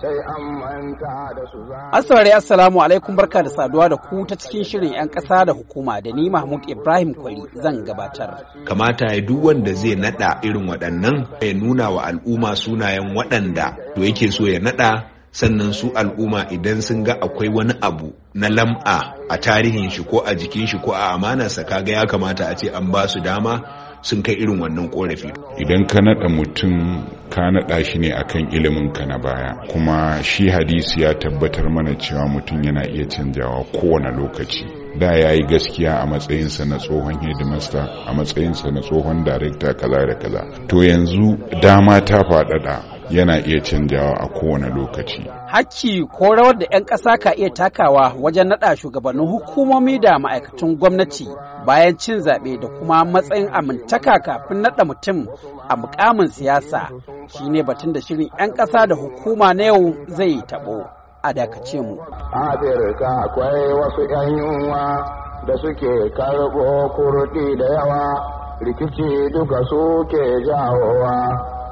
sai an manta da assalamu alaikum barka da saduwa da ku ta cikin shirin 'yan ƙasa da hukuma da ni Mahmud Ibrahim Kwari zan gabatar. Kamata ya duk wanda zai nada irin waɗannan ya nuna wa al'umma sunayen waɗanda to yake so ya nada sannan su al'umma idan sun ga akwai wani abu na lam'a a tarihin shi ko a jikin shi ko a amanarsa kaga ya kamata a ce an ba su dama sun kai irin wannan korafi idan ka naɗa mutum ka naɗa shi ne akan ilimin ka na baya kuma shi hadisi ya tabbatar mana cewa mutum yana iya canjawa kowane lokaci da ya yi gaskiya a matsayinsa na tsohon hedimasta a matsayinsa na tsohon darekta kaza da kaza to yanzu dama ta faɗaɗa yana iya canjawa a kowane lokaci hakki ko rawar da 'yan ƙasa ka iya takawa wajen naɗa shugabannin hukumomi da ma'aikatan gwamnati bayan cin zaɓe da kuma matsayin amintaka kafin naɗa mutum a mukamin siyasa shine batun da shirin 'yan ƙasa da hukuma na yau zai taɓo a dakace mu. akwai wasu 'yan yunwa da suke karɓo kurɗi da yawa rikici duka suke jawowa.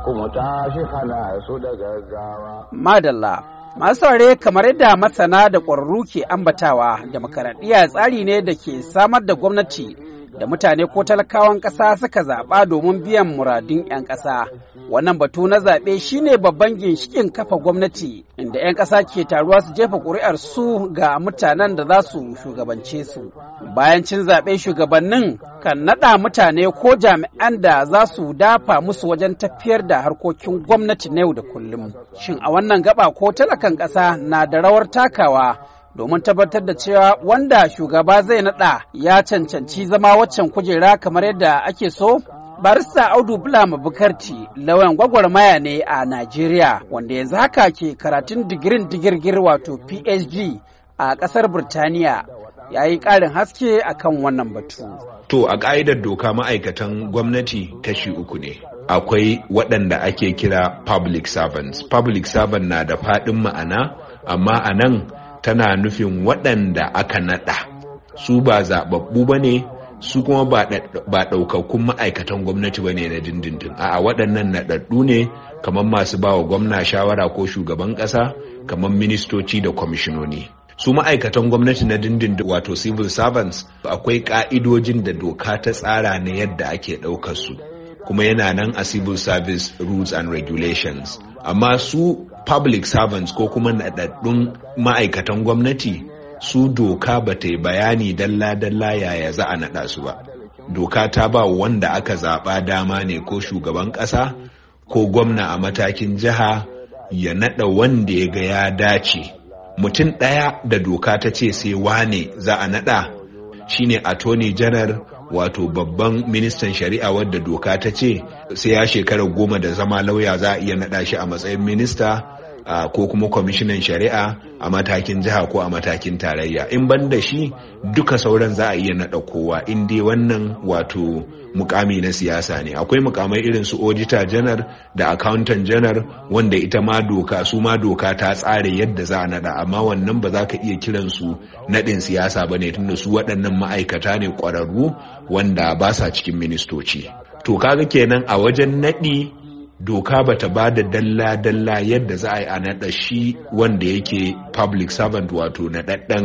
kuma ta shi hana su da gaggawa. Madalla, Masu saurare kamar yadda masana da ƙwararru ke ambatawa, demokaradiyya tsari ne da ke samar da gwamnati da mutane ko talakawan ƙasa suka zaɓa domin biyan muradun 'yan ƙasa. Wannan batu na zaɓe shine babban ginshikin kafa gwamnati inda 'yan ƙasa ke taruwa su jefa ƙuri'ar su ga mutanen da za su shugabance su. Bayan cin zaɓe shugabannin kan naɗa mutane ko jami'an da za su dafa musu wajen tafiyar da harkokin gwamnati na yau da kullum. Shin a wannan gaba ko talakan ƙasa na da rawar takawa domin tabbatar da cewa wanda shugaba zai naɗa ya cancanci zama waccan kujera kamar yadda ake so? barista audu bulama bukarti lauyan gwagwarmaya ne a najeriya wanda yanzu haka ke karatun digirin digirgir wato phd a ƙasar burtaniya ya yi ƙarin haske a kan wannan batu. To a ƙa'idar doka ma'aikatan gwamnati kashi uku ne. Akwai waɗanda ake kira public servants. Public servant na da faɗin ma'ana, amma a nan tana nufin waɗanda aka naɗa. Su ba zaɓaɓɓu ba ne, su kuma ba ɗaukakkun ma'aikatan gwamnati ba ne na dindindin. A'a waɗannan naɗaɗɗu ne kamar masu ba wa gwamna shawara ko shugaban ƙasa, kamar ministoci da kwamishinoni. su ma'aikatan gwamnati na dindindin wato civil servants akwai ka'idojin da doka ta tsara na yadda ake ɗaukar su kuma yana nan a civil service rules and regulations amma su public servants ko kuma naɗaɗɗun ma'aikatan gwamnati su doka ba ta yi bayani dalla-dalla yaya za a naɗa su ba doka ta ba wanda aka zaɓa dama ne ko shugaban ƙasa ko gwamna a matakin jiha ya naɗa wanda ya ga ya dace mutum ɗaya da doka ta ce sai wane za a naɗa shine attorney janar, wato babban ministan shari'a wadda doka ta ce sai ya shekara goma da zama lauya za a iya naɗa shi a matsayin minista ko kuma kwamishinan shari'a a matakin jiha ko a matakin tarayya in ban da shi duka sauran za a iya naɗa kowa in dai wannan wato mukami na siyasa ne akwai mukamai irin su auditor janar da accountant janar wanda ita ma doka su ma doka ta tsare yadda za a naɗa amma wannan ba za ka iya kiran su naɗin siyasa ba ne tunda su waɗannan ma'aikata ne ƙwararru wanda ba sa cikin ministoci to kaga kenan a wajen naɗi doka ba ta ba da dalla-dalla yadda za a yi a naɗa shi wanda yake public servant wato naɗaɗɗen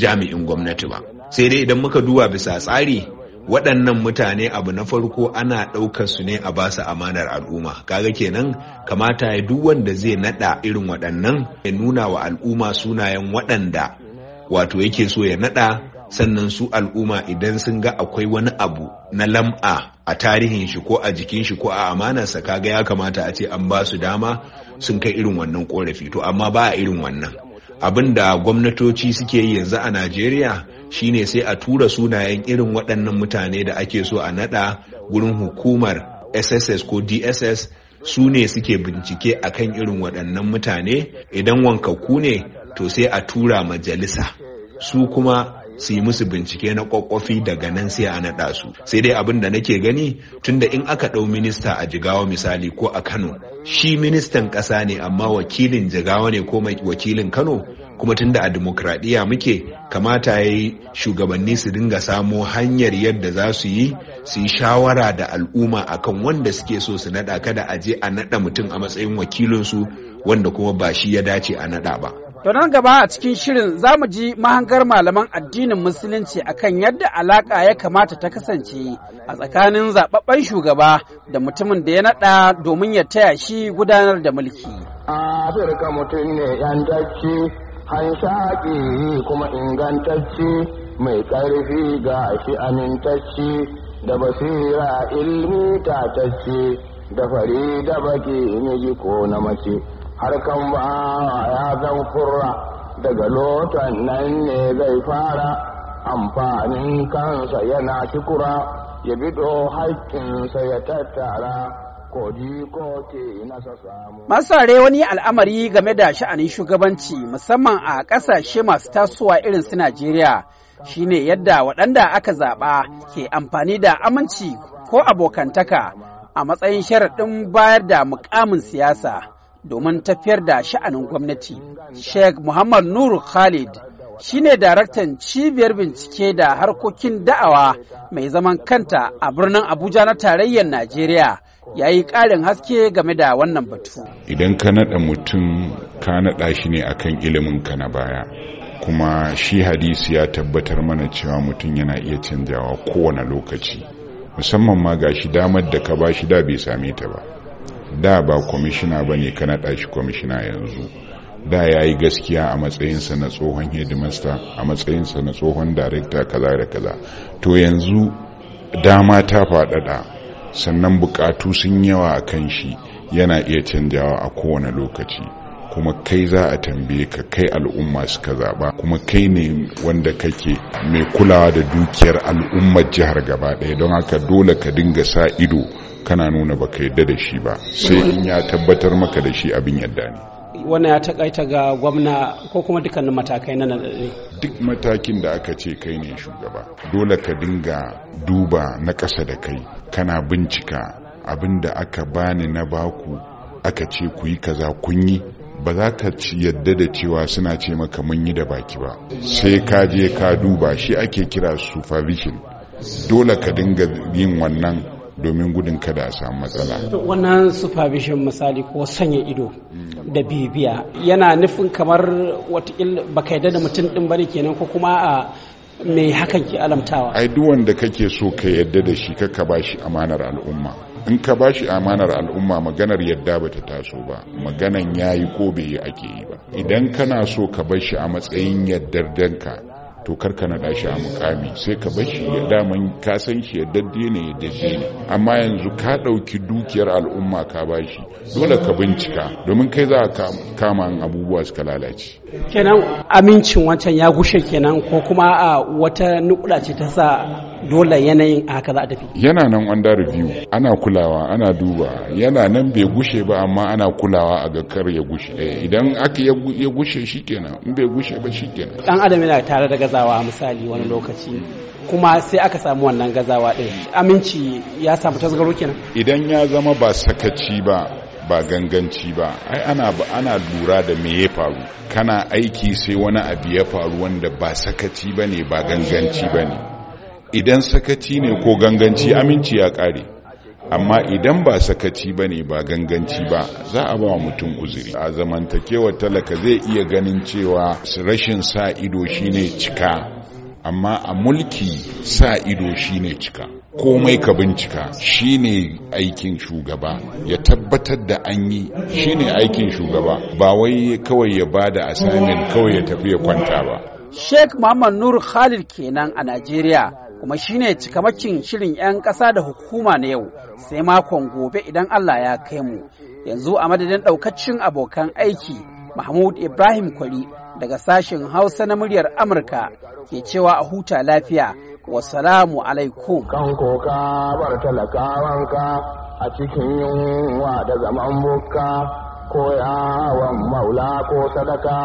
jami'in gwamnati ba sai dai idan muka duba bisa tsari waɗannan mutane abu na farko ana ɗaukar su ne a basu amanar al'umma kaga kenan kamata ya duk wanda zai naɗa irin waɗannan ya nuna wa al'umma sunayen waɗanda wato yake so ya naɗa sannan su al'umma idan sun ga akwai wani abu na lam'a a tarihin shi ko a jikin shi ko a amanarsa kaga ya kamata a ce an ba su dama sun kai irin wannan korafi to amma ba a irin wannan abin da gwamnatoci suke yi yanzu a najeriya shine sai a tura sunayen irin waɗannan mutane da ake so a naɗa gurin hukumar sss ko dss su ne suke bincike akan irin waɗannan mutane idan wankakku ne to sai a tura majalisa su kuma su yi musu bincike na kwakwafi daga nan sai a naɗa su sai dai abin da nake gani tunda in aka ɗau minista a jigawa misali ko a kano shi ministan ƙasa ne amma wakilin jigawa ne ko wakilin kano kuma tunda a dimokuraɗiyya muke kamata ya yi shugabanni su dinga samo hanyar yadda za su yi su yi shawara da al'umma akan wanda suke so su naɗa kada a je a naɗa mutum a matsayin wakilinsu wanda kuma ba shi ya dace a naɗa ba To nan gaba a cikin shirin za mu ji mahangar malaman addinin musulunci akan yadda alaka ya kamata ta kasance a tsakanin zababben shugaba da mutumin da ya naɗa domin ya taya shi gudanar da mulki. Afirka mutum ne yantacce, hanshaƙi kuma ingantacci mai ƙarfi ga shi amintacci da basira ilmi tatacce da fari da baki ko na mace. kan ba ya zan kurra daga lotan nan ne zai fara amfanin kansa yana shikura ya bido haƙƙinsa ya tattara are wani al'amari game da sha'anin shugabanci musamman a ƙasashe masu tasowa irin su Najeriya shine yadda waɗanda aka zaɓa ke amfani da aminci ko abokantaka a matsayin sharaɗin bayar da mukamin siyasa. domin tafiyar da sha'anin gwamnati. Sheikh Muhammad Nuru Khalid shi ne daraktan cibiyar bincike da harkokin da'awa mai zaman kanta a birnin Abuja na tarayyar Najeriya. ya yi ƙarin haske game da wannan batu. Idan ka naɗa mutum ka naɗa shi ne akan ilimin ka na baya kuma shi hadisi ya tabbatar mana cewa mutum yana iya canjawa kowane lokaci musamman ma ga shi damar da ka ba shi da bai same ta ba. da ba kwamishina ba ne ka naɗa shi kwamishina yanzu da ya yi gaskiya a matsayinsa na tsohon hedimasta a matsayinsa na tsohon darekta kaza da kaza to yanzu dama ta faɗaɗa sannan buƙatu sun yawa a kan shi yana iya canjawa a kowane lokaci kuma kai za a tambaye ka kai al'umma suka zaɓa kuma kai ne wanda kake mai kulawa da dukiyar al'ummar jihar gaba ɗaya don haka dole ka dinga sa ido kana nuna ba ka yadda da shi ba sai in ya tabbatar maka da shi abin yadda ne wannan ya takaita ga gwamna ko kuma dukkanin matakai na nadade duk matakin da aka ce kai ne shugaba dole ka dinga duba na ƙasa da kai kana bincika abin da aka bani na baku aka ce ku yi kaza kun yi ba za ka yadda da cewa suna ce maka mun yi da baki ba sai ka je ka duba shi ake kira supervision dole ka dinga yin wannan domin gudun kada a samu matsala. wannan supervision misali ko sanya ido da bibiya yana nufin kamar wata baka yadda da mutum ɗin bane kenan ko kuma a mai hakan ke alamtawa ai duk wanda kake so ka yadda da shi ka ka bashi amanar al'umma in ka bashi amanar al'umma maganar yadda ba ta taso ba maganan ya yi ko bai yi ake yi ba idan kana so ka bashi a matsayin yardar danka to kar ka naɗa shi a mukami sai ka bar shi ya daman ka san shi ya dadde ne ya dadde ne amma yanzu ka ɗauki dukiyar al'umma ka bashi dole ka bincika domin kai za ka kama abubuwa suka lalace kenan amincin wancan ya gushe kenan ko kuma a wata nukula ce ta sa dole yanayin a haka za a tafi yana nan under review ana kulawa ana duba yana nan bai gushe ba amma ana kulawa a ga kar ya gushe eh, idan aka ya gushe shi kenan, in bai gushe ba shi kenan. dan adam yana tare da gazawa misali wani lokaci kuma sai aka samu wannan gazawa din aminci ya samu tasgaro kenan idan ya zama ba sakaci ba ba ganganci ba ai ana ana lura da me ya faru kana aiki sai wani abu ya faru wanda ba sakaci bane ba ganganci bane idan sakaci ne ko ganganci aminci ya ƙare, amma idan ba sakaci bane ba ganganci ba za a ba mutum uzuri a zamantakewar talaka zai iya ganin cewa rashin sa ido shine cika amma a mulki sa ido shine cika komai ka bincika shine aikin shugaba ya tabbatar da an yi shine aikin shugaba ba wai kawai ya bada asamin kawai ya tafi ya kwanta ba Sheikh Muhammad Nur Khalid kenan a Najeriya kuma shine cikamakin shirin 'yan ƙasa da hukuma na yau sai makon gobe idan Allah ya kai mu yanzu a madadin ɗaukacin abokan aiki Mahmud Ibrahim Kwari daga sashen Hausa na muryar Amurka ke cewa a huta lafiya. wasalamu alaikum kan koka bar talakawanka a cikin yunwa da zaman buka ko yawon maula ko sadaka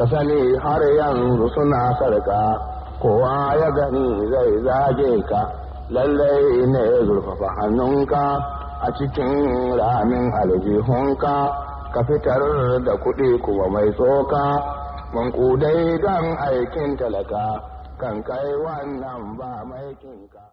ka sani har yanzu suna sarka kowa ya gani zai zage ka lallai ne zurfafa hannunka a cikin ramin aljihunka ka fitar da kuɗi kuma mai tsoka mankudai don aikin talaka kan kai wannan ba mai kinka.